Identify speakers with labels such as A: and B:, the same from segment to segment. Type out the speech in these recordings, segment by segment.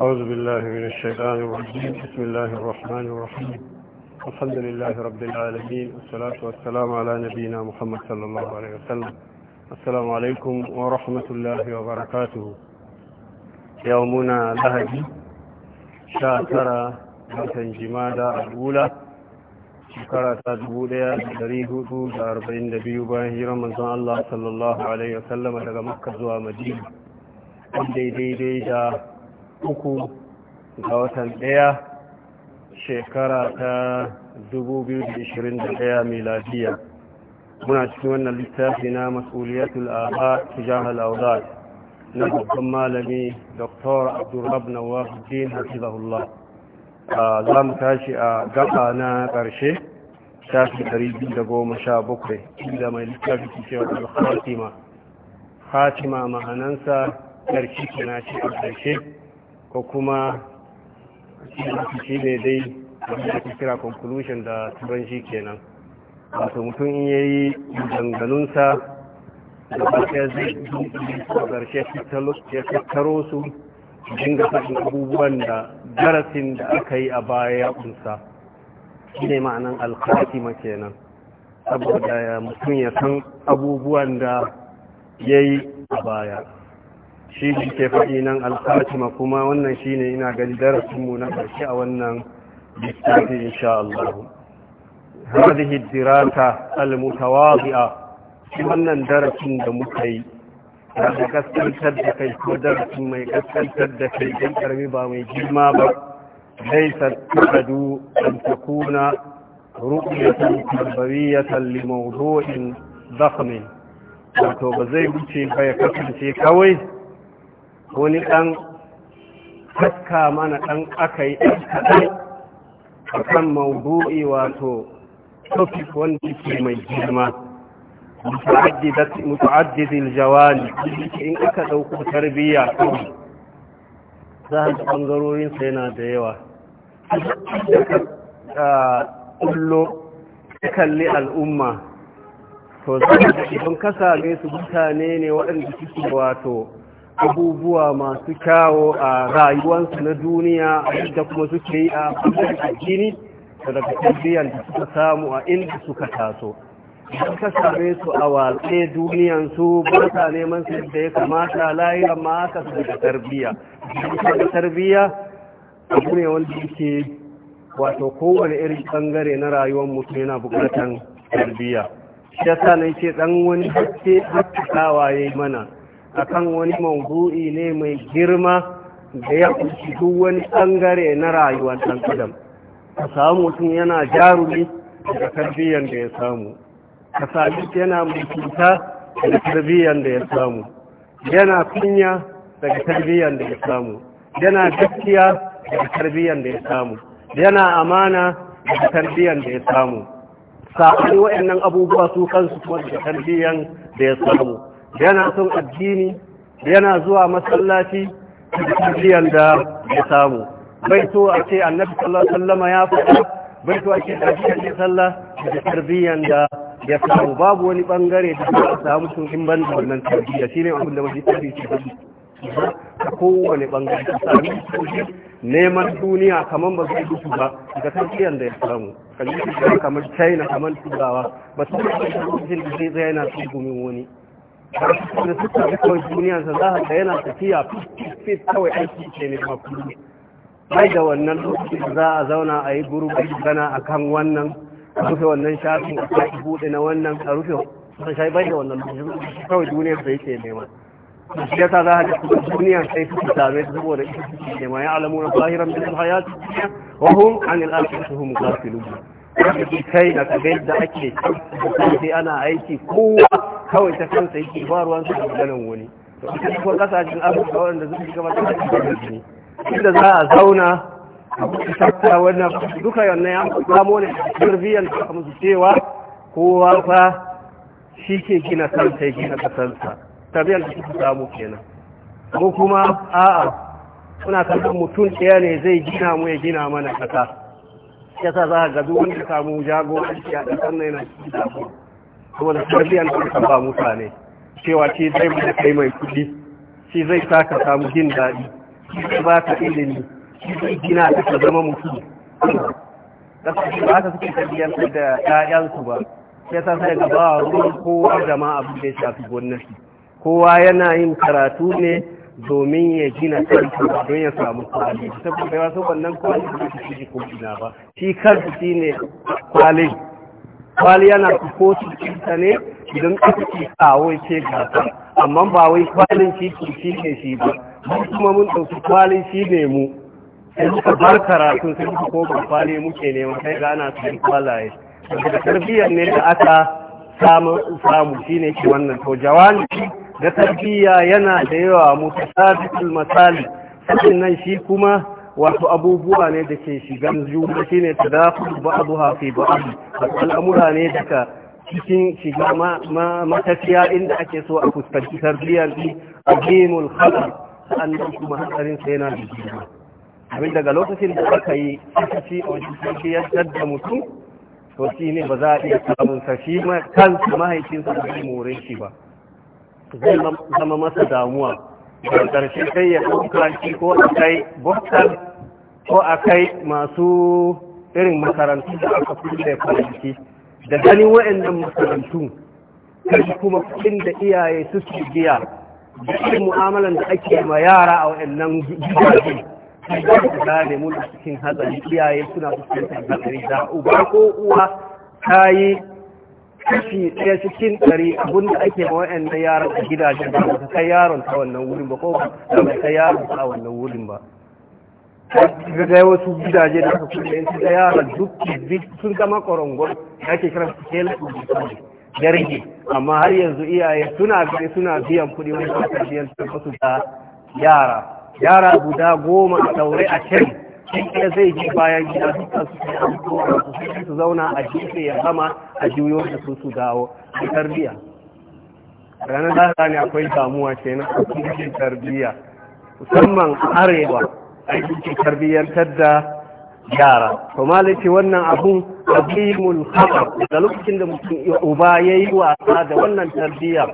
A: أعوذ بالله من الشيطان الرجيم بسم الله الرحمن الرحيم الحمد لله رب العالمين والصلاة والسلام على نبينا محمد صلى الله عليه وسلم السلام عليكم ورحمة الله وبركاته يومنا لهدي شاكرا watan jimada al'ula shekara ta dubu da da da hudu arba'in biyu bayan hirar manzon Allah sallallahu Alaihi wasallama daga دي دي, دي, daidai da uku ga watan ɗaya shekara ta 2021 miladiya muna cikin wannan littafi na mas'uliyatul aba tijahal auzad na babban malami dr abdurrab nawafuddin hafizahullah a zamu tashi a gaba na ƙarshe shafi 217 inda mai littafi ke cewa al-khatima khatima ma'anansa ƙarshe kina ce a ƙarshe ko kuma shi ne dai wanda ake kira conclusion da turanci kenan wato mutum in ya yi danganunsa da barka zai a ƙarshe ya tattaro su dinga faɗin abubuwan da darasin da aka yi a baya ya ƙunsa shi ne ma'anan alkhatima kenan saboda mutum ya san abubuwan da ya yi a baya shi ne ke faɗi nan alfatima kuma wannan shi ne ina gani darasinmu na ƙarshe a wannan littafi insha Allah hadhihi dirata almutawadi'a wannan darasin da muka yi da kaskantar da kai ko darasin mai kaskantar da kai dan karmi ba mai girma ba laysa tadu an takuna ru'yatan tarbawiyatan li mawdu'in dakhmin wato ba zai wuce ba ya kasance kawai wani ɗan haska mana ɗan aka yi kaɗai a kan maudu'i wato topic wanda ke mai girma mutu'addidil jawani in aka ɗauko tarbiyya kawai za a ɓangarorinsa yana da yawa da ah, kalli al'umma to za da idan kasa su mutane ne waɗanda suke wato abubuwa masu kyawo a rayuwansu na duniya da kuma suke yi a a addini da daga tarbiyyar da suka samu a inda suka taso idan ka same su a watse duniyansu ba sa neman su da ya kamata layiran ma aka su da tarbiyya da tarbiyya abu ne wanda yake wato kowane irin bangare na rayuwar mutum yana bukatan tarbiyya shi yasa na ke dan wani haske hatta kawaye mana akan wani mawdu'i ne mai girma da ya kunshi duk wani ɓangare na rayuwar ɗan adam ka samu mutum yana jarumi da tarbiyyar da ya samu ka sami yana mai cuta daga tarbiyyar da ya samu yana kunya daga tarbiyyar da ya samu yana gaskiya daga tarbiyyar da ya samu yana amana daga tarbiyyar da ya samu sa'ani waɗannan abubuwa su kansu kuma daga tarbiyyar da ya samu yana son addini yana zuwa masallaci biyan da ya samu bai so a ce annabi sallallahu alaihi ya faɗa bai so a ce da shi sallah da tarbiyyan da ya samu babu wani bangare da za samu sun in ban da wannan tarbiyya shine abin da mai tafi ce ta kowane bangare ta sami neman duniya kamar ba zai dutu ba da tarbiyyar da ya samu kalli kamar china kamar turawa ba su da cikin da zai tsaya na tsugumin wani da suka ga kawai duniyarsa za a ga yana tafiya fit kawai aiki ce ne mafi bai da wannan lokacin za a zauna a yi gurubi gana a kan wannan a rufe wannan shafin a kai buɗe na wannan a rufe sun shai bai da wannan lokacin kawai duniyarsa yake nema shi yasa za a ga kuma duniyar sai su same su saboda ita suke nema ya alamu na zahiran bin hayati wa hum anil akhirati hum ghafilun kai na kabe da ake sai ana aiki kowa kawai ta kansa yake ba ruwan su da ganin wani to a cikin kasashen afirka wanda zuwa kamar ta da ne inda za a zauna a kusa wannan duka yannan ya samu ne tarbiyyar da su cewa kowa fa shi ke gina kansa ya gina kasansa tabiyar da suka samu kenan ko kuma a'a kuna kallon mutum ɗaya ne zai gina mu ya gina mana kasa sa za ka ga duk wanda samu jagoranci a ɗan na yana cikin damuwa saboda tarbiyyar da aka ba mutane cewa ce zai mai kai mai kudi shi zai saka samu jin daɗi shi zai ba ka ilimi shi zai gina ka ka zama mutum kasashe ba ka suke tarbiyyantar da ƴaƴansu ba sai ta sai ga ba ruwan kowa da ma abin da ya shafi gwamnati kowa yana yin karatu ne domin ya gina kansa don ya samu kwali saboda ya so wannan kwali da su ji ko ina ba shi kansu shine kwalin kwali yana ko cikinta ne idan aka ci kawo ce gasa amma ba wai kwalin shi ke shi ne shi ba mun kuma mun ɗauki kwalin shi ne mu sai muka bar karatun sai muka koma kwali muke nema sai gana su yi kwalaye daga tarbiyyar ne da aka samu shi ne ke wannan to jawani da tarbiyya yana da yawa mutasabiqul masali sannan shi kuma wato abubuwa ne da ke shigan juna shine a buhafi fi ba'd al'amura ne daga cikin shiga matafiya inda ake so a fuskanci tarbiyyar din azimul ta sannan kuma hatsarin sa yana da juna abin daga lokacin da aka yi sakaci a wajen ya da mutum to shi ne ba za a iya samun sa shi kansa mahaifinsa da zai more shi ba zai zama masa damuwa da ƙarshe kai ya ɗauka shi ko a kai buktar ko a kai masu irin makarantu da aka fi da kwanaki da ganin wa'annan makarantu kai kuma kuɗin da iyaye suke biya da irin mu'amalan da ake ma yara a wa'annan gidaje za su gane mun cikin hatsari iyaye suna fuskantar hatsari da uba ko uwa ta yi kashi ɗaya cikin ɗari abin da ake ma wa'annan yaran a gidajen da ba ta kai yaron ta wannan wurin ba ko ba ta kai yaron ta wannan wurin ba ga ga wasu gidaje da aka kulle su da yara duk sun zama korongon ake kiran su kela da rage amma har yanzu iyaye suna gari suna biyan kuɗi wani kasar biyan su da yara yara guda goma a daure a can ɗaya zai ji bayan gida dukkan su sai an su, su su zauna a jefe ya gama a juyo da su su dawo da tarbiyya ranar da ne akwai damuwa kenan a cikin tarbiyya musamman arewa aikin ke tarbiyyantar da yara to malaki wannan abun azimul khatar da lokacin da mutum ya uba yayi wasa da wannan tarbiyya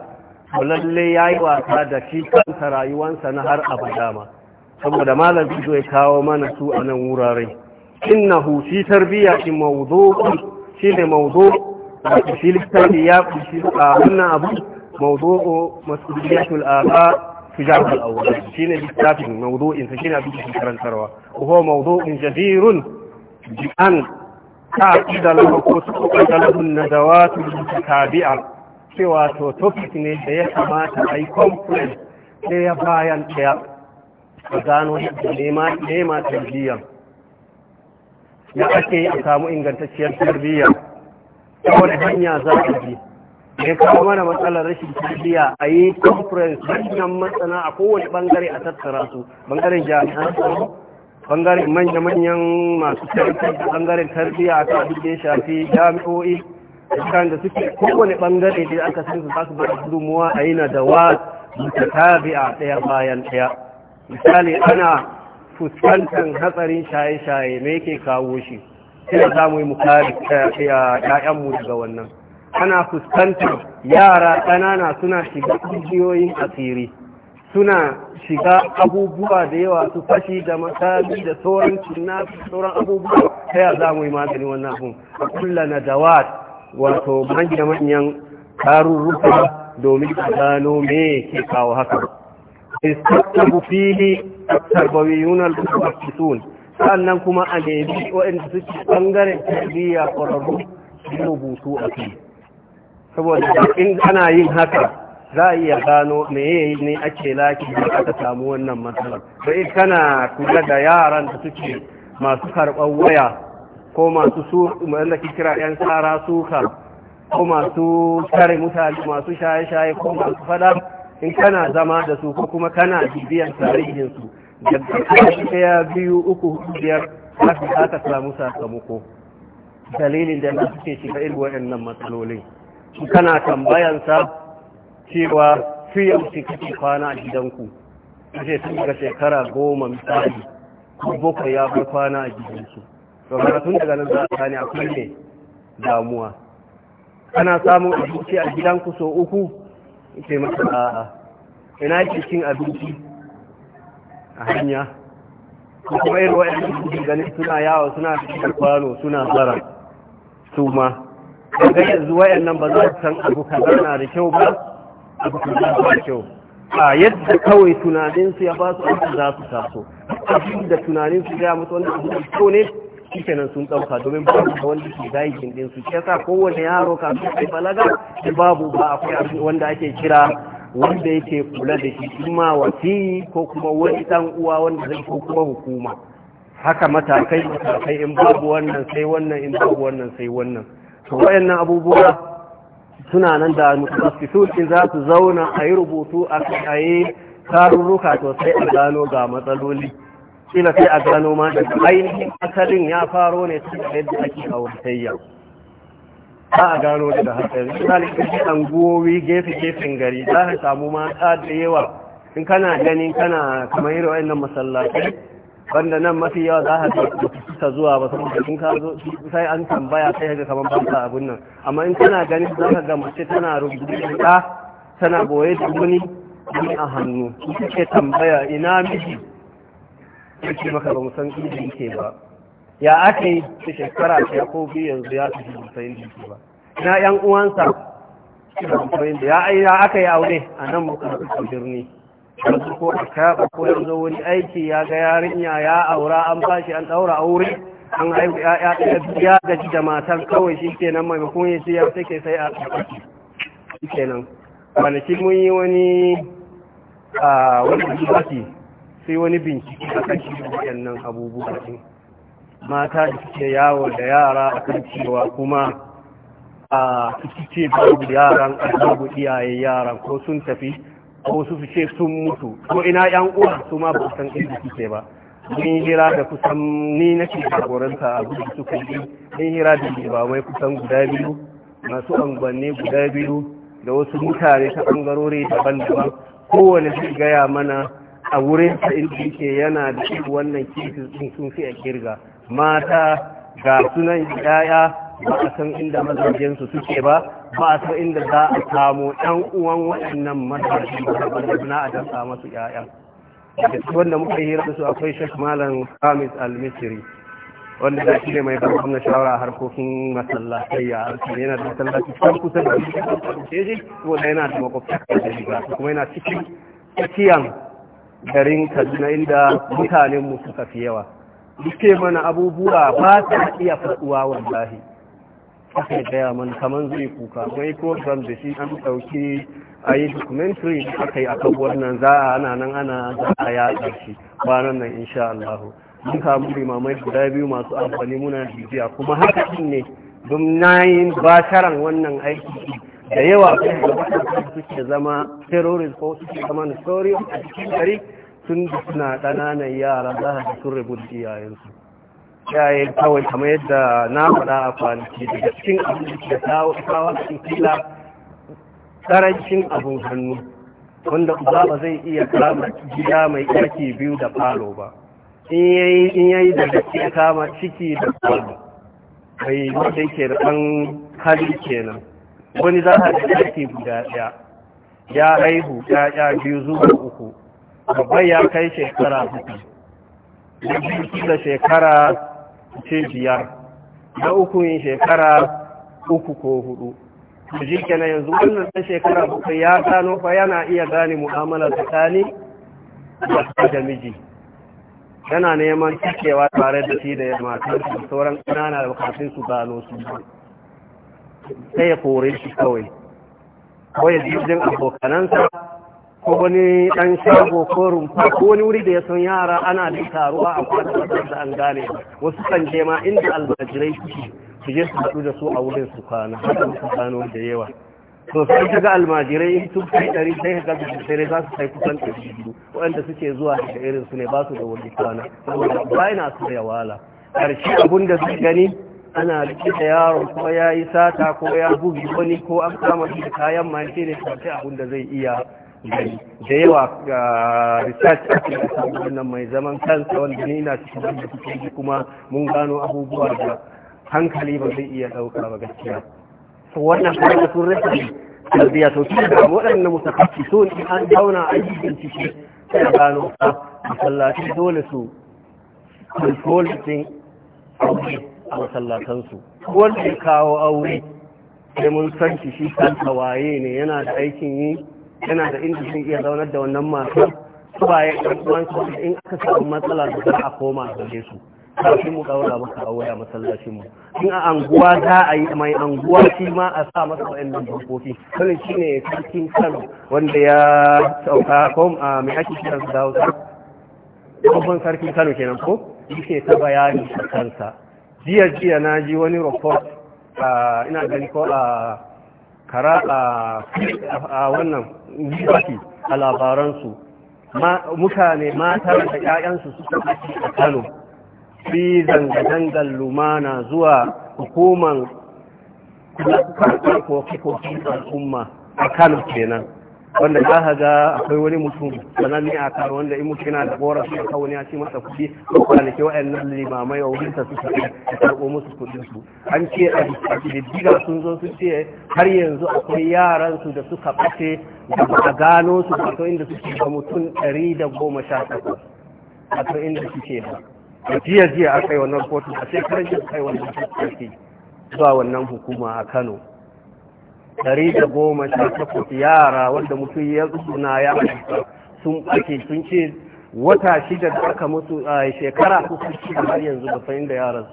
A: to lalle yi wasa da shi kanta rayuwansa na har abada ma saboda malam bido ya kawo mana su a nan wurare innahu shi tarbiyya in mawdu'un shine mawdu' wato shi littafi ya kunshi a wannan abu mawdu'u mas'uliyatul aba تجارة الأولاد شين بكتاب موضوع فشين أبيك في كران سروة وهو موضوع جدير بأن تعقد له وتعقد له الندوات المتتابعة cewa to topic ne da ya kamata a yi conference ya bayan ɗaya a gano yadda nema tarbiyyar ya ake yi a samu ingantacciyar tarbiyyar ta wani hanya za a bi ya kawo mana matsalar rashin tafiya a yi conference manyan matsana a kowane bangare a tattara su bangaren jami'an tsaro bangaren manya-manyan masu tarihi da bangaren tarbiyya a kan da ya shafi jami'o'i kan da suke kowane bangare da aka san su ba su bada gudunmuwa a yi na da wa mutatabi'a ɗaya bayan ɗaya misali ana fuskantar hatsarin shaye-shaye me yake kawo shi sai da za mu yi mu kare eh, eh, daga wannan ana fuskantar yara ƙanana suna shiga ƙungiyoyin asiri suna shiga abubuwa da yawa su fashi da matabi da sauran cinna sauran abubuwa ta yi za mu yi magani wannan abu a kulla na dawat wato manya manyan karurruka domin a gano me ke kawo haka istattabu fili tarbawiyun al-mutafisun sannan kuma a nemi waɗanda suke ɓangaren tarbiyya ƙwararru rubutu a fili saboda in ana yin haka za a iya gano meye ne ake laki da aka samu wannan matsalar Ba in kana kula da yaran da suke masu karɓar waya ko masu su wanda ke kira yan tsara suka ko masu kare mutane masu shaye-shaye ko masu fada in kana zama da su ko kuma kana bibiyan tarihin su da ɗaya biyu uku biyar za ka samu sakamako dalilin da suke shiga irin waɗannan matsaloli. kana tambayansa cewa fi yaushe kake kwana a gidanku kace sun daga shekara goma misali ko bakwai ya bar kwana a gidansu domin kaga tun daga nan za a sani a ne damuwa kana samun abinci a gidanku so uku ke masa a'a ina yake cin abinci a hanya ko kuma irin wa'annan gani suna yawo suna fitar kwano suna zara su ma daga yanzu wayannan ba za su san abu kaza na da kyau ba abu kaza da kyau a yadda kawai tunaninsu ya ba su abu za su taso abin da tunaninsu ya mutu wanda abu kyau ne shikenan sun ɗauka domin ba su wanda ke dayikin ɗinsu shi sa kowane yaro su kai balaga babu ba akwai abin wanda ake kira wanda yake kula da shi kuma wasi ko kuma wani dan uwa wanda zai ko kuma hukuma haka matakai matakai in babu wannan sai wannan in babu wannan sai wannan to wayannan abubuwa suna nan da mutafasitun in za su zauna a yi rubutu a kaye tarurruka to sai a gano ga matsaloli kila sai a gano ma da ainihin asalin ya faro ne tun da yadda ake auratayya za a gano daga hatsari shi an gowi gefe-gefen gari za ka samu mata da yawa in kana ganin kana kamar irin wayannan masallatai wanda nan mafi yawa za ka ta zuwa ba saboda in ka zo sai an tambaya sai ga kamar ba ta abun nan amma in kana gani za ka ga mace tana rubutu da tana boye da wani a hannu ita ke tambaya ina miji yake maka ba musan inda yake ba ya aka yi ta shekara ta ya kofi yanzu ya tafi musayin da yake ba na yan uwansa ya aka yi aure a nan muka birni yanzu ko a shaɓa ko ya zo wani aiki ya ga yarinya ya aura an shi an ɗaura aure an haihu ya ya gaji da matan kawai shi kenan maimakon ya ce ya take sai a tsakaki shi kenan shi mun yi wani a wani jibaki sai wani bincike a kan shi nan, abubuwa ɗin mata da suke yawo da yara a kan cewa kuma a suke babu yaran a babu iyaye yaran ko sun tafi ko su su ce sun mutu ko ina yan uwa su ma ba san inda suke ba mun hira da kusan ni nake jagoranta a gudu suka yi mun hira da mai kusan guda biyu masu angwanni guda biyu da wasu mutane ta bangarori daban-daban kowane su gaya mana a wurin sa inda yake yana da wannan kifin sun fi a kirga mata ga sunan yaya ba a san inda mazajensu suke ba ba su inda za a samu ɗan uwan waɗannan matashi da na a 'ya'ya. masu ƴaƴan da wanda muka yi hira da su akwai shek malam hamis al-misri wanda da shi ne mai ban shawara a harkokin masallatai ya harkar yana da masallaci kan kusa da shi ke shi wanda yana da makwabta da shi kuma yana cikin tsakiyan garin kaduna inda mutanen mu suka fi yawa duke mana abubuwa ba ta iya faɗuwa wallahi aka gaya man kamar zai kuka mai program da shi an ɗauki a yi documentary da aka yi a kan wannan za a ana nan ana za a ya ƙarshe ranar nan insha Allah mun kamu limamai guda biyu masu amfani muna bibiya kuma haka din ne don nayin basharan wannan aiki da yawa kai da suke zama terrorist ko suke zama story a cikin gari suna ƙananan yara za su sun rubuta iyayensu yayin kawai kamar yadda na faɗa a kwanci daga cikin abin da kawo kawo cikin fila ƙarancin abin hannu wanda uba ba zai iya kama gida mai ƙarfi biyu da falo ba in yayi yi da gaske kama ciki da falo mai wanda yake da ɗan hali kenan wani za a da ƙarfi guda ɗaya ya haihu ɗaya biyu zuwa uku babban ya kai shekara hudu da biyu da shekara ce biyar da uku yin shekara uku ko hudu su shi kenan yanzu wannan ɗan shekara bakwai ya gano fa yana iya gane mu'amala tsakani da da miji yana neman cikewa tare da shi da yamma, su sauran ƙanana da bukatun su gano su sai ya kore shi kawai kawai jirgin abokanansa ko wani ɗan shago ko rumfa ko wani wuri da ya san yara ana da taruwa a kwanan da an gane wasu kan je ma inda almajirai suke su je su haɗu da su a wurin su kwana da su gano da yawa to sai kaga almajirai sun kai ɗari sai ka su sai za su kai kusan ɗari biyu waɗanda suke zuwa daga irin su ne ba su da wani kwana saboda ba na su da ƙarshe abin da gani ana riƙe da yaron ko ya yi sata ko ya bugi wani ko an kama shi kayan mace ne sai abun da zai iya da yawa research a cikin wannan mai zaman kansa wanda ni ina cikin wanda suke kuma mun gano abubuwa da hankali ba zai iya ɗauka ba gaskiya to wannan kuma sun rasa tarbiyya to shi da waɗannan musakafi so ne an zauna a yi bincike sai gano ka masallaci dole su control din aure a masallatansu wanda ya kawo aure sai mun san shi shi kansa ne yana da aikin yi yana da inda zai iya zaunar da wannan masu su ba ya ɗan in aka samu matsala da za a koma gare su kafin mu ɗaura maka a waya masallacin mu in a anguwa za a yi mai anguwa shi ma a sa masa nan dokoki shi ne sarkin Kano wanda ya sauka ko a mai ake kiran da Hausa babban sarkin Kano kenan ko yake ta bayani a kansa jiya jiya na ji wani report ina gani ko a kara a wannan liberty a labaransu mutane mata da ƴaƴansu suka kashe a kano fi zanga-zangar lumana zuwa hukuman ko kofi al'umma a kano kenan wanda za ga akwai wani mutum ne a karo wanda in mutum yana da borar su kawo ne a masa kuɗi ko kwanake wa'annan limamai a wurin ta suka a karɓo musu kuɗin su an ce a diddiga sun zo su ce har yanzu akwai yaran su da suka ɓace da ba a gano su wato inda suke ba mutum ɗari da goma sha takwas wato inda suke ba jiya jiya aka yi wannan kotu a shekarar jiya aka yi wannan kotu zuwa wannan hukuma a kano ɗari da goma sha takwas yara wanda mutum ya suna ya sun ake sun ce wata shida da aka mutu a shekara ko kuci har yanzu ba san da yaran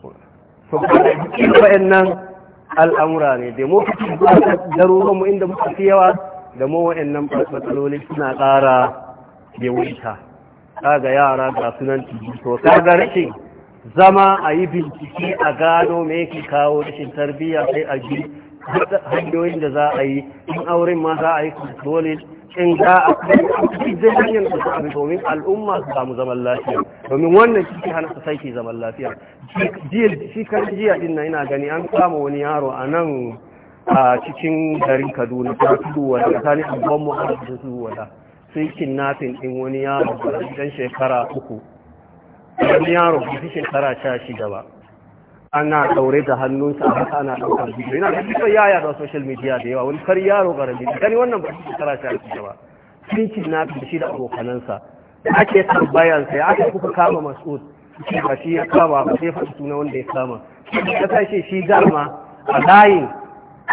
A: su ba to kuma nan al'amura ne da mu kuci daruran mu inda muka fi yawa da mu nan matsaloli suna ƙara yawaita kaga yara ga sunan to kaga rashin zama a yi bincike a gano me yake kawo rashin tarbiyya sai a ji hanyoyin da za a yi in auren ma za a yi controlling in za a yi zai hanyar da za domin al'umma su samu zaman lafiya domin wannan shi hana su saiki zaman lafiya shi kan jiya din na ina gani an kama wani yaro a nan a cikin garin kaduna ta tudu wata tsakanin abubuwan mu'amala da tudu wata sai kidnapping din wani yaro a gidan shekara uku wani yaro bai fi shekara sha shida ba ana ɗaure da hannunsa a haka ana ɗaukar bidiyo yana da kusa yaya da social media da yawa wani kar yaro garami gani wannan ba shi shekara sha shida ba ci na shi da abokanansa ake tambayansa sai aka kuka kama mas'ud ba shi ya kama ba sai faɗi suna wanda ya kama ya tashi shi dama a layin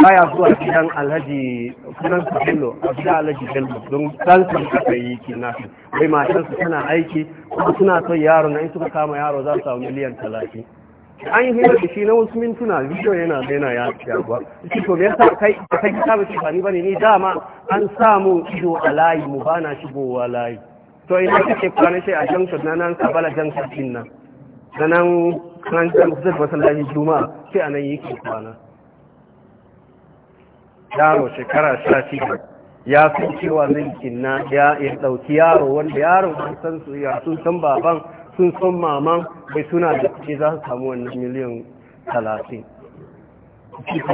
A: baya zuwa gidan alhaji sunan su bello a gidan alhaji bello don dan su aka yi kidnapping wai matan su tana aiki kuma suna son yaro na in suka kama yaro za su samu miliyan talatin an yi hira da shi na wasu mintuna video yana yana ya yaguwa shi to me sa kai ka kai ta ba fani bane ni dama an samu ido a layi mu bana shigowa layi to ina kake kwana sai a junction na nan kabala junction din nan nan kan kan zai masallaci juma'a sai anan yake kwana yaro shekara sha shida ya fi cewa zai na ya ɗauki yaro wanda yaro sun san su ya sun san baban sun san maman bai suna da kuke za su samu wannan miliyan talatin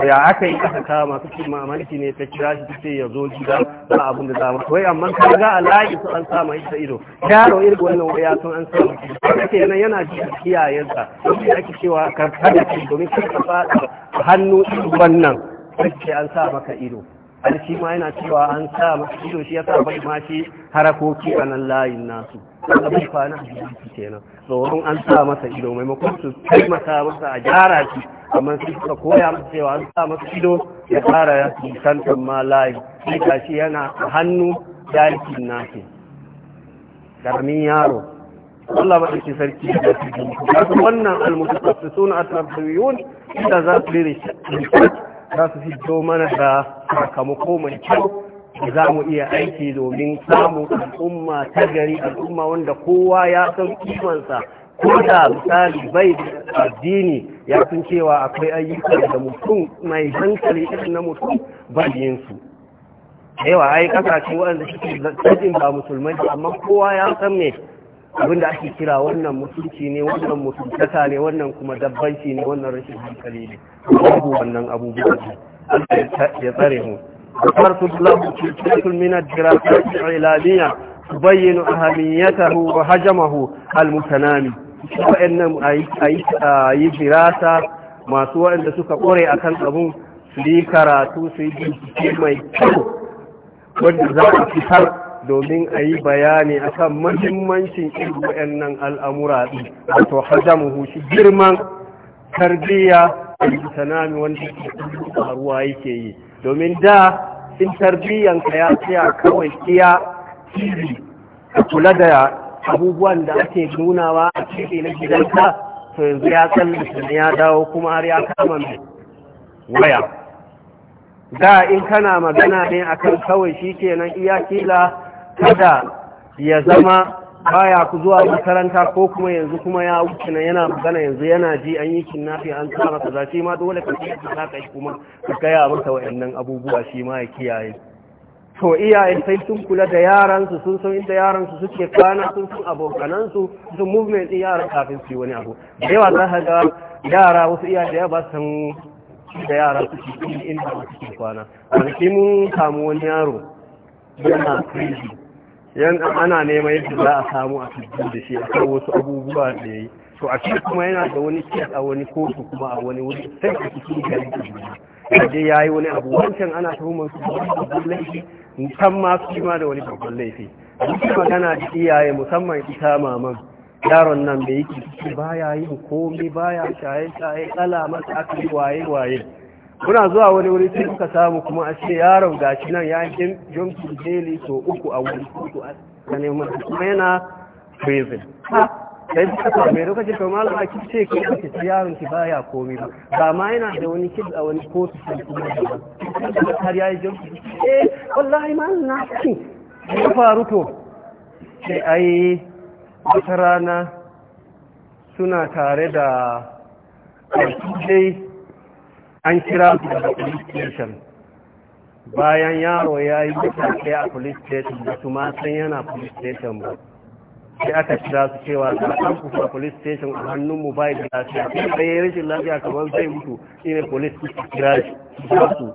A: ya aka yi aka kama cin mamanki ne ta kira shi ta ce ya zo gida ba abin da za mu wai amma ka ga a layi su an sama ta ido yaro irin wannan waya sun an sama kake nan yana ji kiyayensa yadda ake cewa karkar da domin kar ka fada hannu wannan kake an sa maka ido an shi ma yana cewa an sa maka ido shi ya sa bai ma shi harakoki a nan layin nasu wanda bai kwana a jiki kenan tsoron an sa masa ido maimakon su kai masa a gyara shi amma su suka koya masa cewa an sa masa ido ya fara santan ma layi ta shi yana hannu yakin nasu. karamin yaro Allah ba ɗauki sarki da su wannan suna a tarbiyun inda za su shi. za su fito mana da sakamako mai kyau za mu iya aiki domin samun al'umma ta gari al'umma wanda kowa ya san kimansa ko da misali bai addini ya sun cewa akwai ayyukan da mutum mai hankali irin na mutum bayin su yawa ai kasashe waɗanda suke zaɗin ba musulmai amma kowa ya san me abin da ake kira wannan mutunci ne wannan mutuntaka ne wannan kuma dabbanci ne wannan rashin hankali ne babu wannan abubuwan ya tsare mu sarfu labu cutar min ad-dirasat al-ilamiyya tubayyin ahamiyatahu wa hajamahu al-mutanami wa'annan ayi yi dirasa masu wa'anda suka kore kan abun su yi karatu su yi bincike mai kyau wanda za a fitar domin a yi bayani a kan mahimmancin irin nan al'amura ɗi wato hajjamuhu hushi girman tarbiyya a sanami wanda ke faruwa yake yi domin da in ka ya tsaya kawai iya tiri a kula da abubuwan da ake nunawa a cikin na gidanka to yanzu ya tsallaka ya dawo kuma har ya kama mai waya da in kana magana ne akan kawai shi kenan iya kila kada ya zama baya ku zuwa makaranta ko kuma yanzu kuma ya wuce na yana magana yanzu yana ji an yi kinnafi an tsara masa za shi ma dole ka yi ka saka shi kuma ka gaya masa wayannan abubuwa shi ma ya kiyaye to iyaye sai sun kula da yaran su sun san inda yaran su suke kana sun san abokanan su sun movement din yaran kafin su yi wani abu da yawa za ka ga yara wasu iyaye da ba san da yara suke inda suke kwana wani mun samu wani yaro yana crazy yan ana neman yadda za a samu a cikin da shi a kan wasu abubuwa da ya yi to a cikin kuma yana da wani kiyar a wani kotu kuma a wani wuri sai a cikin gari da juna kaje ya yi wani abu wancan ana tuhumar su da babban laifi kan ma su ma da wani babban laifi duk magana da iyaye musamman ita maman yaron nan da yake ciki baya yin komai baya shaye shaye kala masa aka waye waye muna zuwa wani wuri sai kuka samu kuma a ce yaron gashi nan ya jin jumping daily so uku a wuri uku a tsanin mata kuma yana prison sai suka same da kace to malama ki ce ki kace ci yaron ki baya komi ba ba ma yana da wani kid a wani kotu sun kuma har yayi jumping eh wallahi ma na ki ya faru to sai yi wata rana suna tare da dai an kira daga police station bayan yaro ya yi mutane a police station da su san yana police station ba sai aka kira su cewa ga an kusa police station a hannun mu bai da lafiya sai bai rashin lafiya kamar zai mutu ina police su kira su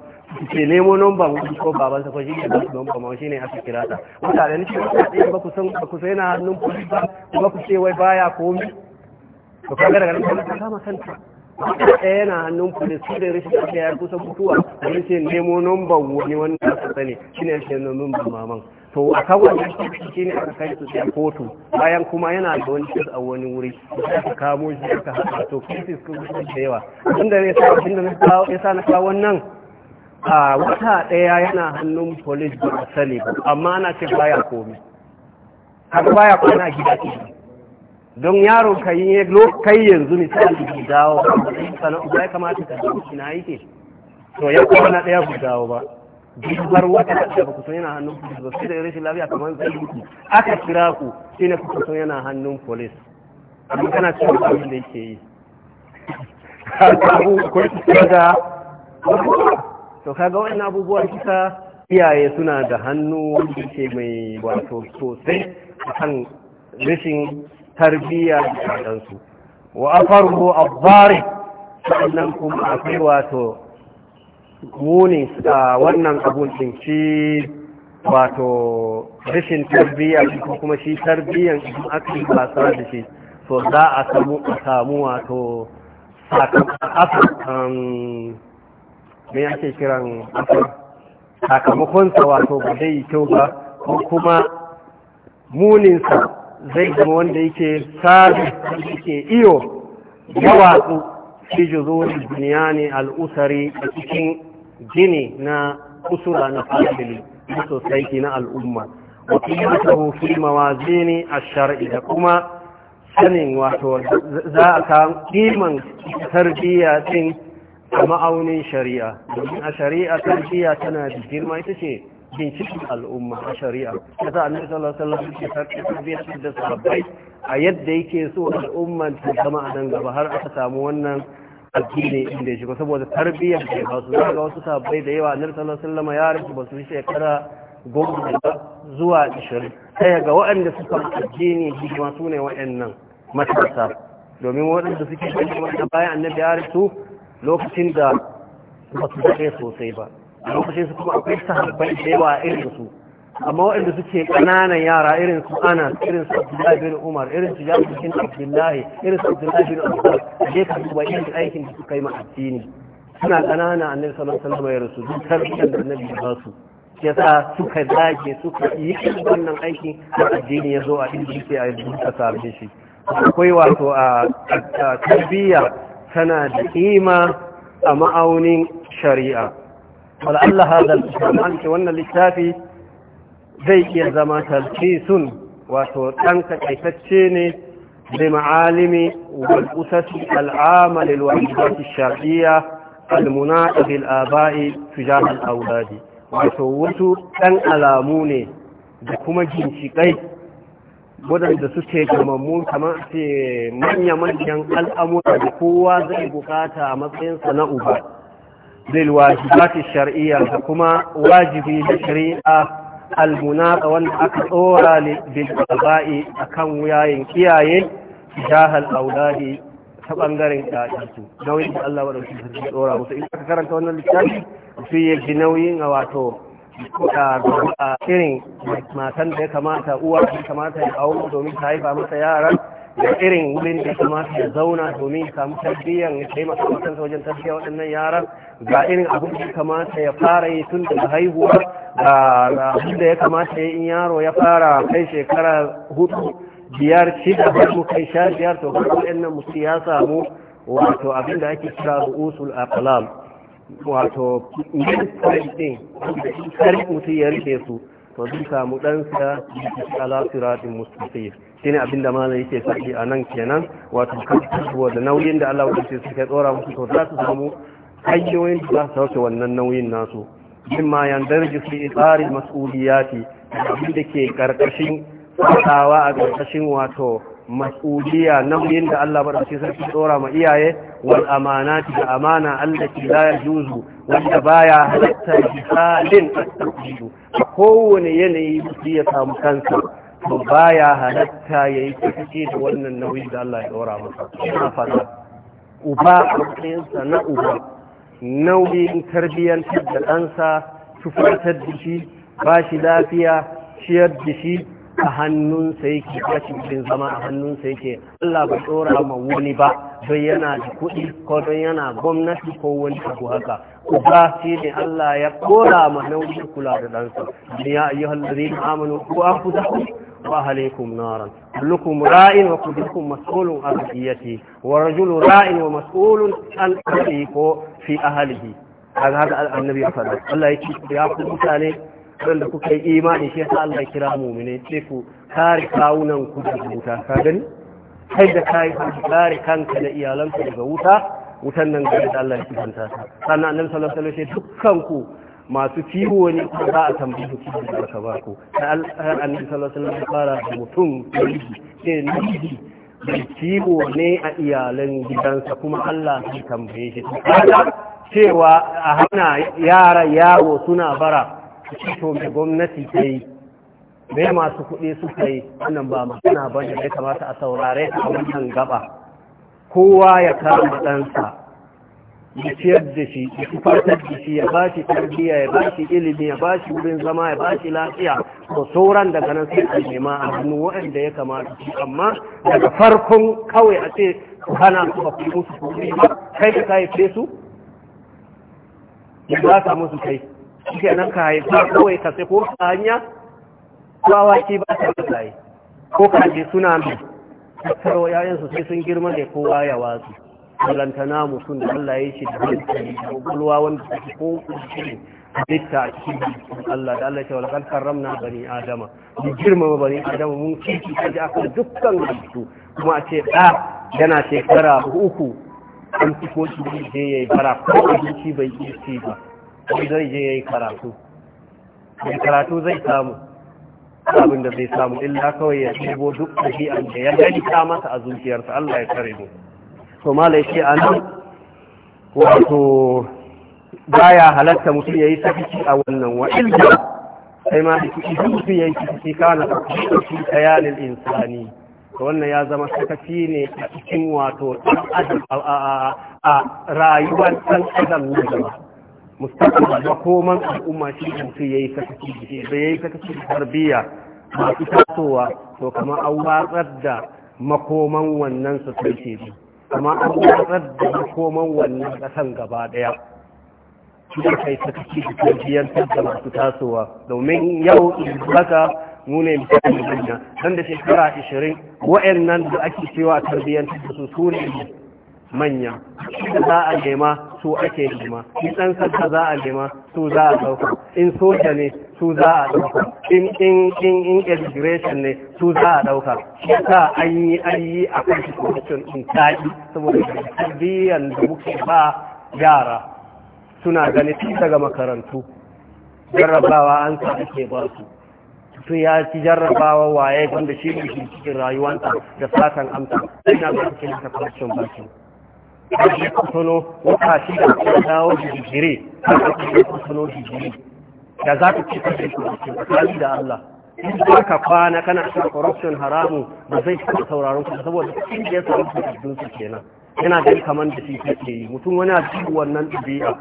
A: ke nemo nomba mutu ko baban sa ko shi ne ba su nomba mawashi shi ne aka kira ta mutane ne kuma ɗaya eh, ba ku san ba sai na hannun police ba ba ku ce wai baya komi to kaga daga nan ka kama kanta ɗaya yana hannun ku da su da rashin lafiya ya kusa mutuwa wani ce nemo number wani wanda aka sani shine yake number maman to a kan wannan shi ne aka kai su sai kotu bayan kuma yana da wani kes a wani wuri sai aka kamo shi aka haɗa to cases sun kusa da yawa inda ne sa inda ne sa na kawo wannan a wata ɗaya yana hannun police ba sani ba amma ana ce baya komi haka baya kwana gida ke don yaron ka yi kai yanzu misali bai dawo ba sana'u ba ya kamata ka dawo shi na yake to ya kuma na ɗaya ku dawo ba har wata da ba ku san yana hannun police ba sai da rashin lafiya kamar zai yi aka kira ku shi ne kuka san yana hannun police amma kana cikin abin da yake yi abu akwai kaga to kaga wannan abubuwa kika iyaye suna da hannu wanda ke mai wato sosai akan rashin tarbiya da ɗansu wa afarhu azzari sannan kuma akwai wato muni a wannan abun shi wato rashin tarbiya ko kuma shi tarbiyan idan aka yi wasa da shi to za a samu a samu wato sakamakon me ake kiran sakamakonsa wato ba zai yi kyau ba ko kuma muninsa zai zama wanda yake sabi ke iyo ya watsu fi juzuri biniyani al'usari a cikin gini na usura na family na na al'umma wa qiyatuhu fi mawazini ash-shar'i da kuma sanin wato za a ka kiman tarbiyya din a ma'aunin shari'a domin a shari'a tarbiyya tana da girma ita ce ginshikin al'umma a shari'a ya sa annabi sallallahu alaihi wasallam ya da tabbatar da sabbai a yadda yake so al'umman ta zama a nan gaba har aka samu wannan alkini inda shi saboda tarbiyya ke ba su ga wasu sabbai da yawa annabi sallallahu alaihi wasallam ya rubuta ba su shekara goma zuwa 20 sai ga waɗanda suka addini hijima su ne waɗannan matasa domin waɗanda suke cikin wannan bayan annabi ya rubuta lokacin da ba su daɗe sosai ba a lokacin su kuma akwai sahabbai da yawa irin su amma waɗanda suke ƙananan yara irin su anas irin su abdullahi bin umar irin su jami'in cikin abdullahi irin su abdullahi bin abdullahi a je ka duba irin aikin da suka yi ma addini suna ƙanana annabi sallallahu alaihi wasallam ya rasu duk tarbiyyar da annabi ya ba su ya sa suka dage suka yi wannan aiki da addini ya zo a inda yake a yanzu a same shi akwai wato a tarbiyya tana da kima a ma'aunin shari'a wal Allah hadal wannan littafi zai iya zama talqisun wato ɗanka takaitacce ne bi ma'alimi wal usati al amal al wajibat al shar'iyya al munaqib aba'i tujah wato wasu ɗan alamu ne da kuma ginshiƙai, waɗanda suke gamammu kamar ce manya-manyan al'amura da kowa zai bukata a matsayinsa na uba بالواجبات الشرعية لكما واجب الشريعة المناقة والأكثورة بالقضاء أكم وياين كياين جاه الأولاد تبانغارين كاجاتو نوين الله ورحمة الله ورحمة الله أكثر أنت وانا لكتاب في جنوين أواتو irin matan da ya kamata كما تأوى كما تأوى auro domin ta haifa masa yaran da irin wurin da kuma ya zauna domin samu tarbiyyar ya taimaka makansa wajen tarbiyyar waɗannan yaran ga irin abin da kamata ya fara yi tun daga haihuwa ga abin da ya kamata ya in yaro ya fara kai shekara hudu biyar shida har mu kai sha biyar to kuma waɗannan mutu ya samu wato abin da ake kira a aqlam wato min din mutum ya rike su to zai samu ɗansa ala siratin mustaqim shine abin da malam yake sadi a nan kenan wato kan da nauyin da Allah su ke tsora musu to za su samu hanyoyin da za su sauke wannan nauyin nasu mimma yandarji fi tsari mas'uliyati abin da ke karkashin sakawa a karkashin wato masuliya nauyin da Allah barkace sarki tsora ma iyaye wal amanati da amana allati la yajuzu wanda baya halatta bisalin at-tawhid kowane yanayi ya samu kansa to baya halatta yayi kace da wannan nauyin da Allah ya tsora masa ina uba sa na uba nauyin tarbiyyantar da ɗansa tufartar da shi ba shi lafiya ciyar da shi a hannunsa yake bashi wurin zama a hannunsa yake Allah bai tsora ma wani ba don yana da kuɗi ko don yana gwamnati ko wani abu haka uba shi ne Allah ya tsora ma nauyin kula da ɗansa ya ayyuhal ladina amanu ku anfusakum وأهليكم نارا كلكم راء wa مسؤول عن رعيته ورجل راء ومسؤول عن أهله في haka هذا النبي صلى الله عليه وسلم الله يقول mutane. waɗanda kuka yi imani shi ta Allah kira mu'mine ce ku kare kawunan ku daga wuta ka gani kai da kai ku kare kanka da iyalanka daga wuta wutan nan ga da Allah ya kifanta ta sannan annabi sallallahu alaihi wasallam dukkan ku masu kiwo ne ku za a tambayi ku da aka ba ku har annabi sallallahu alaihi wasallam ya fara da mutum ne ne mai kiwo ne a iyalan gidansa kuma Allah zai tambaye shi cewa a hana yara yawo suna bara to mai gwamnati ta yi mai masu kuɗi suka yi wannan ba magana ba ne ya kamata a saurare a wannan gaba kowa ya kama ɗansa ya ciyar da shi ya kufartar da shi ya ba shi tarbiyya ya ba shi ilimi ya ba shi wurin zama ya ba shi lafiya to sauran daga nan sai a nema a hannu waɗanda ya kamata su amma daga farkon kawai a ce ku hana su ba kuma su kuɗi ba kai ka kai fesu? ya ba ka musu kai shi nan ka haifa kawai ka sai ko ta hanya ko awaki ba ta tsaye ko kaji suna mai tattaro su sai sun girma da kowa ya wasu balantana mutum da Allah ya shi da hankali ko gulwa wanda take ko a halitta a cikin Allah da Allah ya ce wal qad karramna bani adama mu girmama bani adama mun kici ji aka dukkan halittu kuma a ce da yana shekara uku an ko shi je yayi fara ko abinci bai iya ci ba sai zai je ya yi karatu ya karatu zai samu abin da zai samu illa kawai ya shigo duk da shi da ya gani ta masa a zuciyarsa Allah ya kare mu to malai shi a nan wato baya halatta mutum ya yi sakici a wannan wa illa sai ma idan mutum ya yi sakici kana ta khayalil insani To wannan ya zama sakaci ne a cikin wato ɗan a rayuwar ɗan adam ne mustaqbal makoman al'umma shi ne mutum yayi sakaci da shi da ta sakaci da tarbiyya masu tasowa to kamar an watsar da makoman wannan society ne kamar an watsar da makoman wannan kasan gaba daya shi da kai sakaci da tarbiyyantar da masu tasowa domin yau in baka mu ne misali da nan da shekara 20 wa'annan da ake cewa tarbiyyantar da su su ne manya da za a nema su ake nema in ɗan sarka za a nema su za a ɗauka in soja ne su za a ɗauka in in in ne su za a ɗauka shi sa an yi an yi a situation in taɗi saboda tarbiyyar da muke ba yara suna gani tun daga makarantu jarrabawa an sa ake ba su su ya ci jarrabawa waye wanda shi ne cikin rayuwanta da satan amsa ina ba su cikin tafarkin bakin har ya kusulo wata shi da ke dawo da jijire har ka ya kusulo jijire da za ka ce ka ce ka da Allah in za ka kwana kana cin corruption haramu ba zai taɓa sauraron ka saboda cikin da ya samu su takardun su kenan yana da kamar da shi ke yi mutum wani a wannan ɗabi'a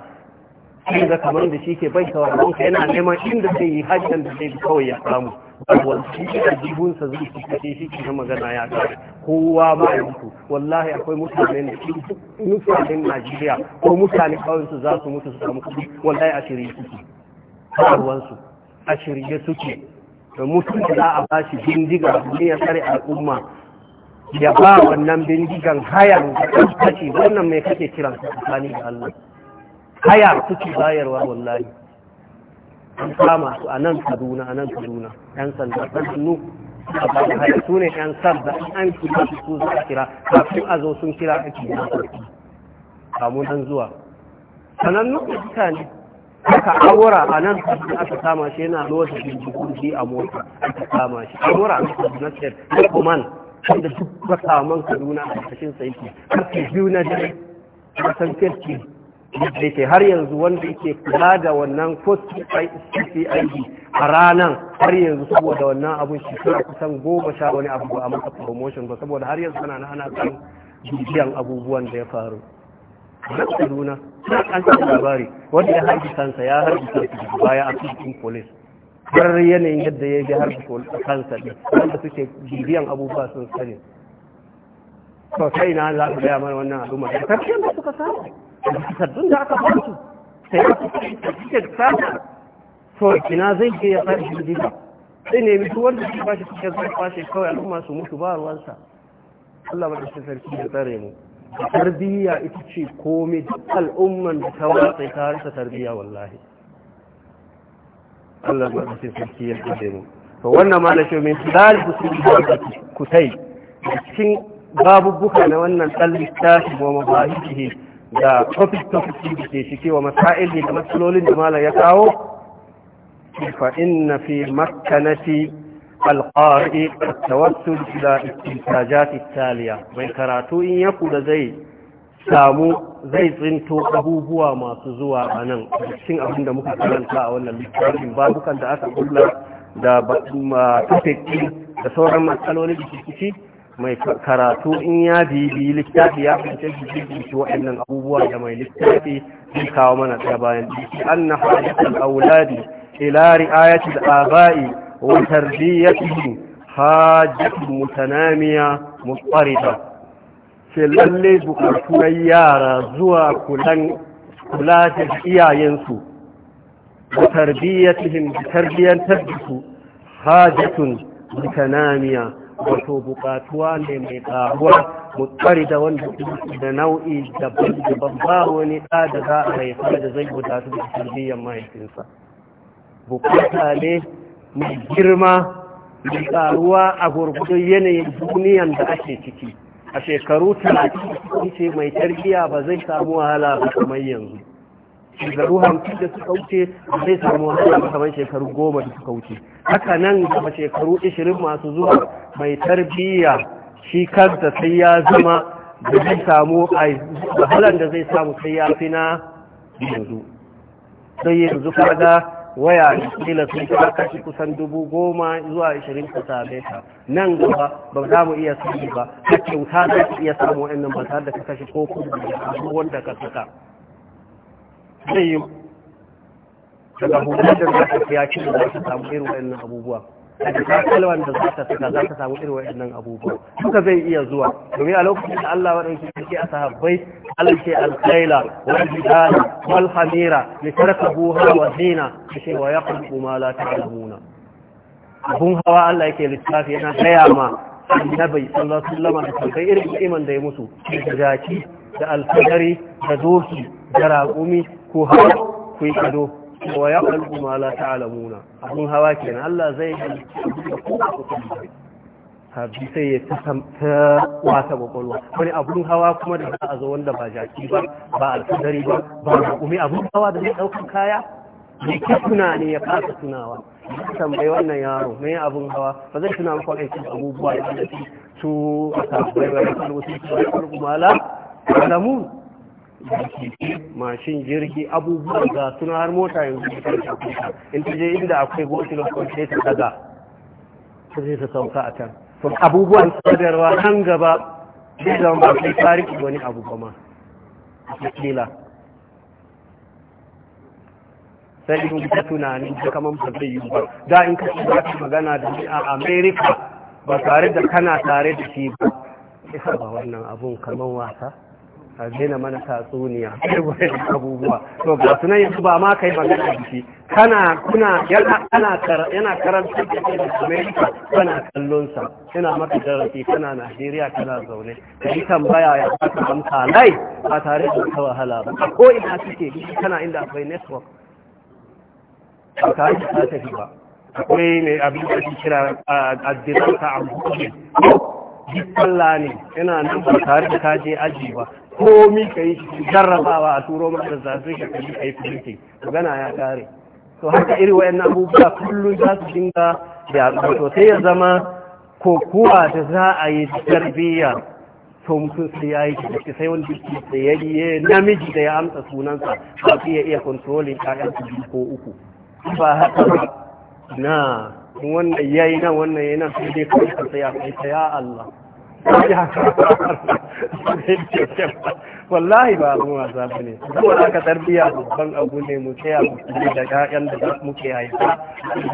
A: sai da kamar da shi ke bai sauraron ka yana neman inda zai yi hajjan da zai kawai ya samu wancan da jibunsa zai fi kaɗe shi ke magana ya ƙare kowa ma ya mutu wallahi akwai mutane mutanen najeriya ko mutane ƙauyensu za su mutu su samu kuɗi wallahi a shirye suke karuwansu a shirye suke da mutum da za a bashi bindiga ne ya tsare al'umma ya ba wannan bindigan hayan da kace wannan mai kake kiran tsakani da Allah haya suke bayarwa wallahi an kama su a nan kaduna a nan kaduna yan sanda ɗan hannu a hada su ne yan sanda an kira su za a kira kafin a zo sun kira ake yi kamun nan zuwa sanannun iska ne aka awura a nan kaduna aka kama shi yana da bincike a mota aka kama shi awura a kaduna state da kuman wanda duk wata man kaduna a kashin sa yake kafin biyu na dare a san kirki da ke har yanzu wanda yake kula da wannan CPID a ranar har yanzu saboda wannan abun suna kusan goma sha wani abu ba a maka promotion ba saboda har yanzu ana ana kan bibiyan abubuwan da ya faru na tsaruna na an sa labari wanda ya harbi kansa ya harbi kansa da baya a cikin police har yanayin yadda ya bi harbi kansa da wanda suke bibiyan abubuwa sun sani to sai na za su gaya mana wannan al'umma da karshen da suka samu takardun da aka ba su sai ya fi da to ina zai je ya fara shi diga sai ne mutu wanda shi ba shi cikin zai kwashe kawai al'umma su mutu ba ruwansa Allah bada shi sarki da tsare mu tarbiyya ita ce komai duk al'umman da ta watsa ta harsa tarbiyya wallahi Allah bada shi sarki ya tsare mu to wannan ma na shi min dalil kutai cikin babubuka na wannan tsallin tashi wa mabahihi da topic topic da ke shike wa masail da matsalolin da malam ya kawo fa inna fi makkanati alqari tawassul ila istintajat taliya mai karatu in ya da zai samu zai tsinto abubuwa masu zuwa a nan cikin abin da muka karanta a wannan littafin babukan da aka kula da topic da sauran matsalolin da ke mai karatu in ya bibi littafi ya fi tafi bibi waɗannan abubuwa da mai littafi zai kawo mana ɗaya bayan biki an na hajjatar auladi ila ri'ayatul aba'i wa tarbiyyatihim hajjatul mutanamiya mutsarita ce lalle bukatuwar yara zuwa kula da iyayensu da tarbiyyatihim da tarbiyyantar da su hajjatun mutanamiya wato bukatuwa ne mai karuwa mutari da wanda da nau'i daban daban ba wani ɗa da za a fara da zai su da tarbiyyar mahaifinsa bukata ne mai girma mai karuwa a gurgudun yanayin duniyan da ake ciki a shekaru talatin ce mai tarbiyya ba zai samu wahala ba kamar yanzu shekaru hamsin da suka wuce zai samu wahala kamar shekaru goma da suka wuce haka nan gaba shekaru ishirin masu zuwa mai tarbiyya shi kansa sai ya zama da zai samu a wahalar da zai samu sai ya fi na yanzu sai yanzu fada waya kila sun kira kashi kusan dubu goma zuwa ishirin ta same ta nan gaba ba za mu iya samu ba ta kyauta za iya samu wa'annan ba tare da ka kashi ko kuma wanda ka saka zai yi daga hukumar da za ta fiya ci da za ta samu irin wa'annan abubuwa daga kalwan da za ta saka za ta samu irin wa'annan abubuwa duka zai iya zuwa domin a lokacin da Allah waɗansu suke a sahabbai alke alkaila wal jidala wal hamira li tarkabuha wa zina shi wa Kuma, ma la ta'lamuna abun hawa Allah yake littafi yana gaya ma annabi sallallahu alaihi wasallam da kai irin iman da ya musu da jaki da alfadari da doki da raƙumi Ko hawa ku yi ado wa ya kalbu ma la ta'lamuna abun hawa kenan Allah zai yi ku sai ya wata kwakwalwa wani abun hawa kuma da za a zo wanda ba jaki ba ba alfadari ba ba da kumi abun hawa da zai ɗaukar kaya da ne ya kasa tunawa tambayi wannan yaro mai abun hawa ba zai tuna maka aikin abubuwa da su a kasuwai ba ya su ya kalwasi mala mashin jirgi abubuwa ga suna har mota yanzu da kan shafuka in ta je inda akwai gosulan ce ta daga ta zai ta sauka a can abubuwan sadarwa nan gaba zai zama ba kai tarihi wani abu ba ma kila sai in ta tunanin da kamar ba zai yi ba da in ka ci za ta magana da ni a Amerika ba tare da kana tare da shi ba isa ba wannan abun kamar wasa a daina mana tatsuniya abubuwa to ga su nan yanzu ba ma kai magana jiki kana kuna yana yana karanta da shi kana kallon sa yana maka darasi kana Najeriya kana zaune kai tambaya ya ka amsa lai a tare da ta wahala ba ko ina kike kana inda akwai network ba ka ta tafi ba akwai ne abin da kira addirata amfani duk yana nan ba tare da ka aji ba komi ka yi jarrabawa a turo da zafi ka kaji ka yi magana ya kare to haka iri wayannan abubuwa kullum za su dinga da to sai ya zama kokuwa da za a yi tarbiyya to mutum sai ya yi shi sai wani biki da ya yi namiji da ya amsa sunansa ba su iya iya kontrolin ƴaƴan ko uku ba haka na wannan ya yi nan wannan ya yi nan sai dai kawai ka ya kai ta ya Allah wallahi ba abun wasa ba ne saboda aka tarbiya babban abu ne mu tsaya mu kuli da ƴaƴan da muke haifa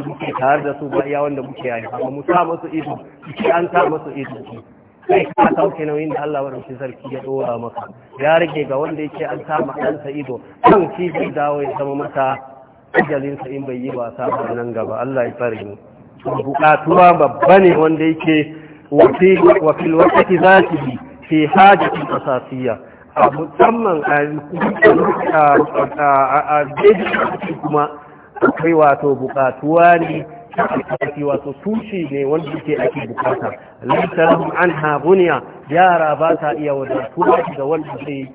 A: muke tare da su ba iya wanda muke haifa ba mu sa musu ido ki an sa musu ido kai ka sauke nauyin da Allah wani sarki ya dora maka ya rike ga wanda yake an sa ma ɗansa ido kan shi zai dawo ya zama masa ajalinsa in bai yi wasa ba nan gaba Allah ya fara yi. bukatuwa babba ne wanda yake wafil wakati za su bi fi hajjatin asasiya a musamman a jejin kuma akwai wato bukatuwa ne ake wato tushe ne wanda yake ake bukata lantarki an haguniya yara ba ta iya wadatuwa da wanda zai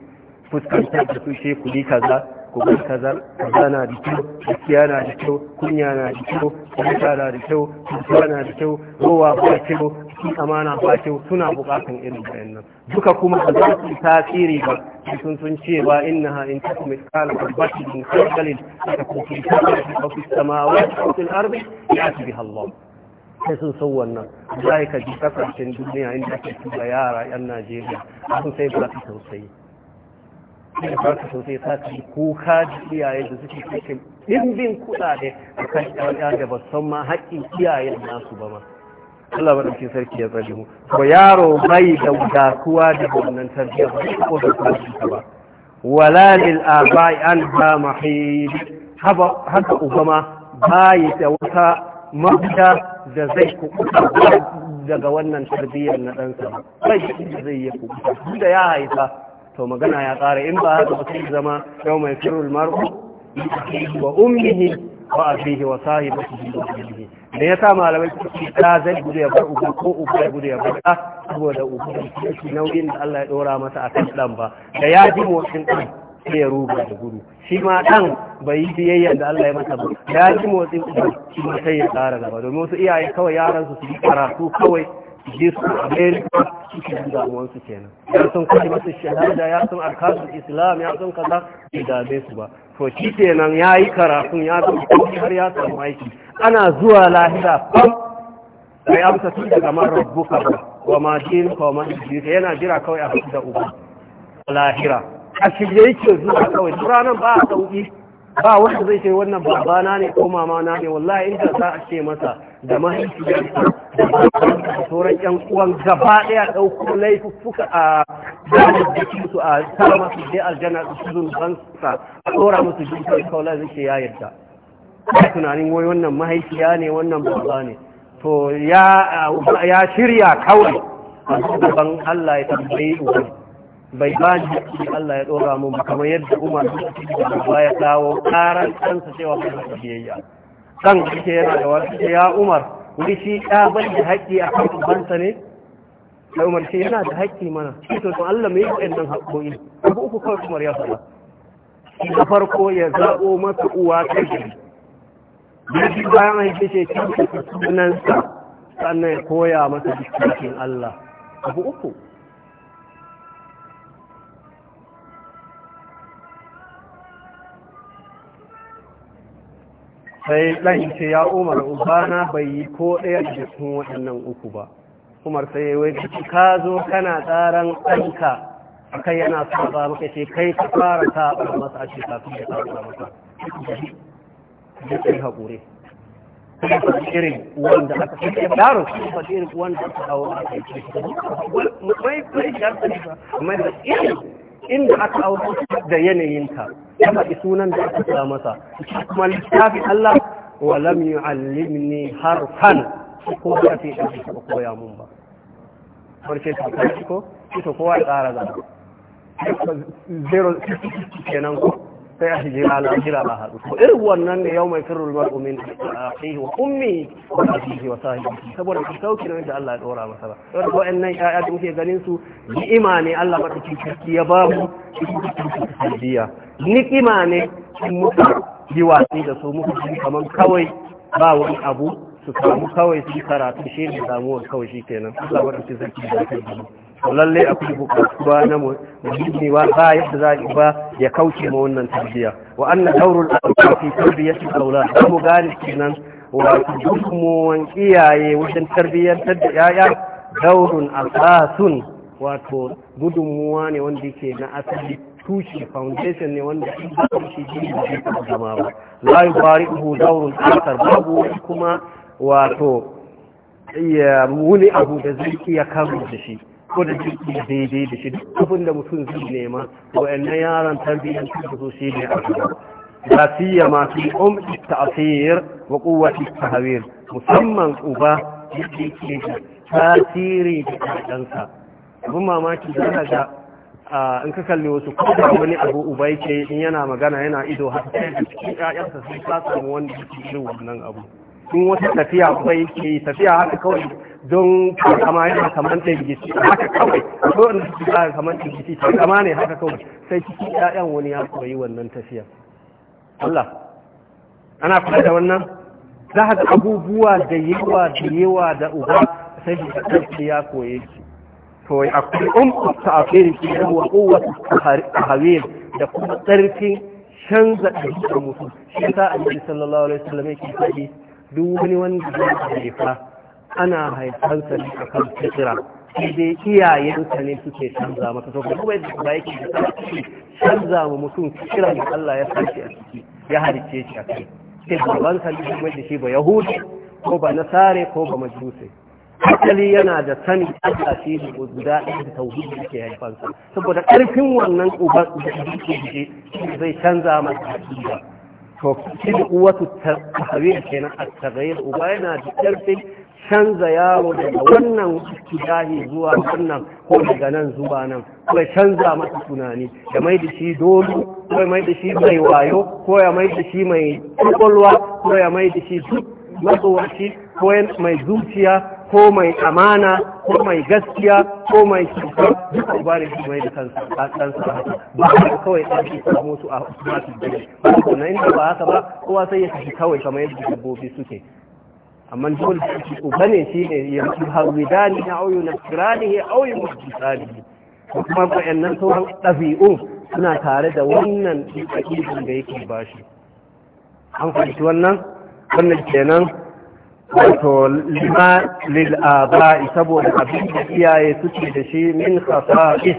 A: fuskantar da tushe kuli kaza kuma kaza kaza na da kyau gaskiya na da kyau kunya na da kyau kuka na da kyau kuka na da kyau rowa ba kyau sun amana ba kyau suna bukatan irin bayannan duka kuma ba za su tasiri ba sun sun ce ba innaha in takum mithqala dharratin min khardalin takun fi samawati aw fi samawati aw fil ya ya'ti Allah sai sun san wannan zai ka ji kasashen duniya inda ake tuba yara yan Najeriya sun sai ba su tausayi da ba ka sosai sa ka yi kuka da iyaye da suke cikin ɗimbin kuɗaɗe a kan ƴaƴa da ba san ma haƙƙin iyayen nasu ba ma Allah ba ɗauki sarki ya tsare mu ko yaro bai da wadatuwa da wannan tarbiyya ba shi ko da kuma shi ba wala lil abai an ba mahid haka uba ma bai da wata mafita da zai kuɓuta daga wannan tarbiyyar na ɗansa ba shi da zai yi kuɓuta da ya haifa to magana ya tsara in ba haka sai zama yau mai firul mar'u wa ummihi wa abihi wa sahibatihi wa abihi da ya sa malamai suke ta zai gudu ya bar uba ko uba ya gudu ya bar ɗa saboda uba da shi nauyin da Allah ya dora masa a kan dan ba da ya ji motsin ɗan sai ya ruga da gudu shi ma ɗan bai yi biyayya da Allah ya masa ba ya ji motsin uba shi ma sai ya tsara gaba domin wasu iyaye kawai yaransu su yi karatu kawai je su amerika suke ji damuwansu kenan ya san kwaji masu shahada ya san arkasu islam ya san kaza bai dame su ba to shi kenan ya yi karatun ya zama kudi har ya samu aiki ana zuwa lahira fam mai amsa tun daga man rabbuka ba wa ma din ka wa ma yana jira kawai a da uba lahira a shirye yake zuwa kawai ranar ba a sauki ba wanda zai ce wannan babana ne ko mamana ne wallahi inda za a ce masa da mahaifiyarsa da sauran yan uwan gaba daya dauko laifuka a damar jikin su a sa masu dai aljanna su zun sa a tsora musu jikin kaula zai ce ya yarda tunanin wai wannan mahaifiya ne wannan ba ne to ya shirya kawai a gaban Allah ya tambayi ubangi bai ba shi Allah ya tsora mu ba kamar yadda Umar da ba ya dawo karan kansa cewa ba da biyayya kan kike yana da wasu ya Umar wuri shi ya ban da haƙƙi a kan bansa ne sai Umar shi yana da haƙƙi mana to to Allah mai yi nan haƙoƙi abu uku kawai Umar ya faɗa na farko ya zaɓo masa uwa ta gari yadda bayan haife shi cikin sunansa sannan ya koya masa jikin Allah abu uku sai ɗan ce ya umar ubana bai yi ko ɗaya da jikin waɗannan uku ba umar sai ya wai ka zo kana tsaron ɗanka kai yana saba maka ce kai ka fara saba masa a ce kafin ya tsara maka jikin haƙure irin wanda aka fi ke yaro kuma irin wanda aka hawa a kai mai mai jarta ne ba amma irin inda aka hawa da yanayinta. ya faɗi sunan da aka sa masa kuma littafi Allah wa lam yu'allimni harfan ko ba ce da ba koya mun ba farce ta kai ko ita kowa ya tsara zaka zero kenan ko sai a je jira ba haɗu ko irin wannan ne yau mai firul wal umin yi wa ummi wa abihi wa sahi saboda ka sauki na da Allah ya ɗora masa ba saboda ko nan ya'ya da muke ganin su ni'ima ne Allah madauki ciki ya ba mu tarbiyya ni'ima ne in muka yi watsi da su muka kamar kawai ba wani abu su samu kawai su karatu shi ne samuwar kawai shi kenan Allah wa ɗauki zaki da aka yi lallai akwai bukatuwa na muhimmiwa ba yadda za a ba ya kauce ma wannan tarbiyya wa anna daurul alfa fi tarbiyyati aula da mu gane kenan wato gudunmuwan iyaye wajen tarbiyyantar da yaya daurun asasun wato gudunmuwa ne wanda ke na asali tushe foundation ne wanda shi ba shi ji da zama ba la yubari'uhu daurun asar babu kuma wato ya wuni abu da zai iya karo da shi ko da zai daidai da shi duk abin da mutum zai nema na yaran tarbiyyar da su shi ne a gaba لا musamman uba ya ke وقوة ta مسمى da ɗansa. Abin mamaki, da ana ga in ka kalli wasu kuma wani abu uba yake in yana magana yana ido har sai da cikin ƴaƴansa sun fasa wani wannan abu In wata tafiya ba ke tafiya haka kawai don kama yana kamar da gisi haka kawai ko wanda su ba kamar da gisi kama ne haka kawai sai ciki ƴaƴan wani ya koyi wannan tafiya Allah ana kula da wannan za ka abubuwa da yawa da yawa da uba sai ka ɗauki ya koye shi to akwai umma ta afirin shi da wa kowace tahawil da kuma tsarkin canza da mutum shi ta annabi sallallahu alaihi wasallam yake faɗi duk wani wanda ya haifa ana haifar sa a kan fitira sai dai iyayensa ne suke canza masa to kuma yadda ba yake da sarki canza wa mutum fitira da Allah ya sarki a ciki ya halicce shi a kai sai baban sa ne kuma da shi ba yahudi ko ba nasare ko ba majusi hakali yana da sani Allah shi ne guda ɗaya da tauhidi yake haifansa saboda ƙarfin wannan uban da zai canza masa ba. to cikin uwatu tahrir kenan a tagayyar uba yana da ƙarfin canza yaro daga wannan kidahi zuwa wannan ko daga nan zuwa nan kuma canza masa tunani ya mai da shi dole ko ya mai da shi mai wayo ko ya mai da shi mai kwakwalwa ko ya mai da shi duk matsowaci ko mai zuciya ko mai amana ko mai gaskiya ko mai cuta duk uba da shi mai da kansa a kansa ba haka kawai ɗan shi ko motu a masu jiri ba ko na inda ba haka ba kowa sai ya tafi kawai kamar yadda dabbobi suke amma dole shi uba ne shi ne ya fi har dani na auyu na tsirani ya auyu mutu tsari kuma nan sauran ɗabi'u suna tare da wannan ɗabi'un da yake ba shi an fahimci wannan wannan kenan wato lima lil'aba'i saboda abin da iyaye suke da shi min khasa'is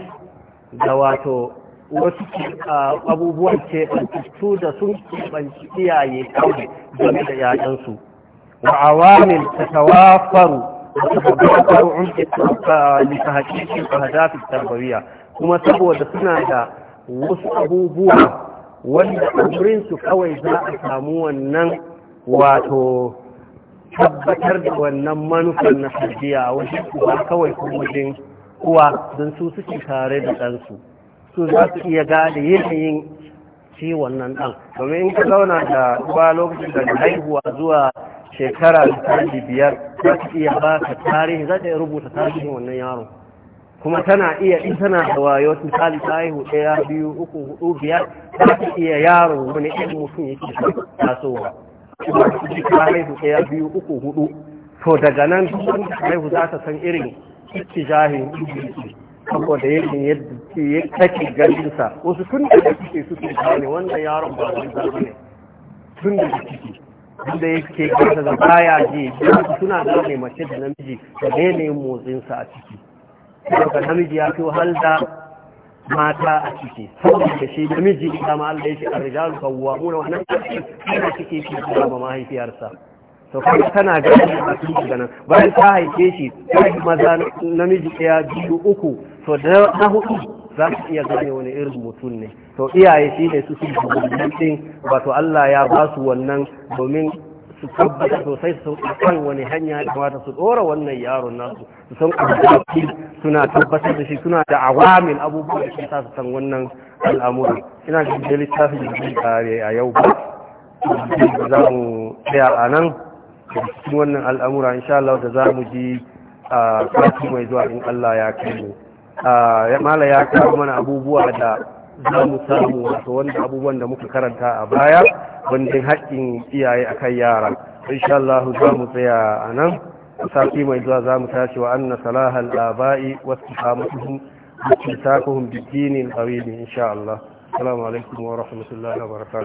A: da wato wasu abubuwan keɓantattu da sun keɓanci iyaye kawai game da yayansu wa awamil ta tawafaru tawafaru umke ta hakikin hadafi tarbiyya kuma saboda suna da wasu abubuwa wanda a su kawai za a samu wannan wato tabbatar da wannan manufar na sarjiya a wajen ba kawai kuma wajen uwa don su suke tare da ɗansu su za su iya gane yanayin ciwon wannan ɗan domin in ka zauna da uwa lokacin da haihuwa zuwa shekara misali biyar za su iya ba ka tarihi za ta iya rubuta tarihin wannan yaro kuma tana iya in tana da wayo misali ta haihu ɗaya biyu uku hudu biyar za su iya yaro wani irin mutum yake tasowa kuma ciki ka haihu ɗaya biyu uku hudu to daga nan wanda haihu za ta san irin ittijahin saboda yake yadda ya kake ganinsa wasu tun da suke suke gane wanda yaron ba wani zama ne tun da ciki wanda yake gasa da baya je suna gane mace da namiji da ne motsinsa a ciki daga namiji ya fi wahala mata a ciki saboda shi miji da ma Allah yake arrijalu kawwamuna wannan ana cike shi da ba mahaifiyarsa to kuma tana ga a cikin ganin bayan ta haife shi ta yi maza namiji ɗaya biyu uku to da na hudu za su iya gane wani irin mutum ne to iyaye shi ne su su wannan din wato Allah ya ba su wannan domin su tabbata sosai su kan wani hanya da su tsora wannan yaron nasu su san abubuwa suna tabbatar da shi suna da awamin abubuwa da shi su san wannan al'amura ina da da littafin da zai kare a yau ba za mu tsaya a nan cikin wannan al'amura insha Allah da za mu ji a sati mai zuwa in Allah ya kai mu mala ya kawo mana abubuwa da za mu samu wato wanda abubuwan da muka karanta a baya wanda haƙƙin iyaye a kan yara insha Allah za mu tsaya a nan sati mai zuwa za mu tashi wa anna salahal aba'i wa istiqamatuhum bi takuhum bi dinin qawim insha Allah assalamu alaikum wa rahmatullahi wa barakatuh